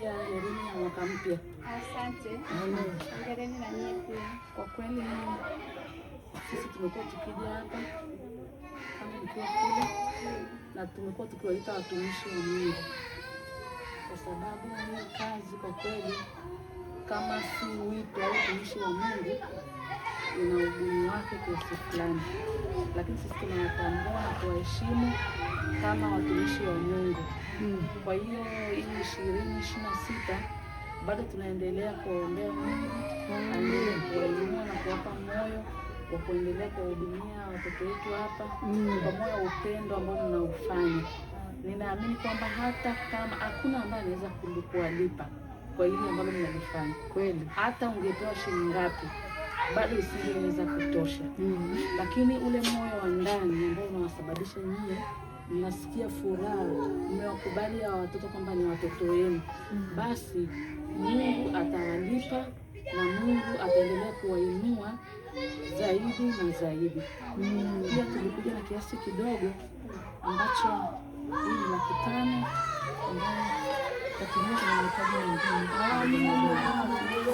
pia elimu ya mwaka mpya. Asante. Hongereni na nyie pia. Kwa kweli sisi tumekuwa tukija hapa kama mkiwa kule na tumekuwa tukiwaita watumishi wa Mungu kwa sababu hiyo kazi kwa kweli kama si wito au utumishi wa Mungu ina ugumu wake kiasi fulani, lakini sisi tunawatambua na kuwaheshimu kama watumishi wa Mungu. Mm. Kwa hiyo hii ishirini ishirini na sita bado tunaendelea kuombea aendelee kuwainua na kuwapa moyo wa kuendelea kuwahudumia watoto wetu hapa mm. kwa moyo wa upendo ambao mnaufanya. Ninaamini kwamba hata kama hakuna ambaye anaweza kuwalipa kwa hili ambalo mnalifanya kweli, hata ungepewa shilingi ngapi bado isingeweza kutosha, mm Lakini ule moyo wa ndani ambao unawasababisha nyie mnasikia furaha, mmewakubali hawa watoto kwamba ni watoto wenu, basi Mungu atawalipa na Mungu ataendelea kuwainua zaidi na zaidi. Pia tulikuja na kiasi kidogo ambacho ni laki tano ambayo tatumiza na mahitaji mengine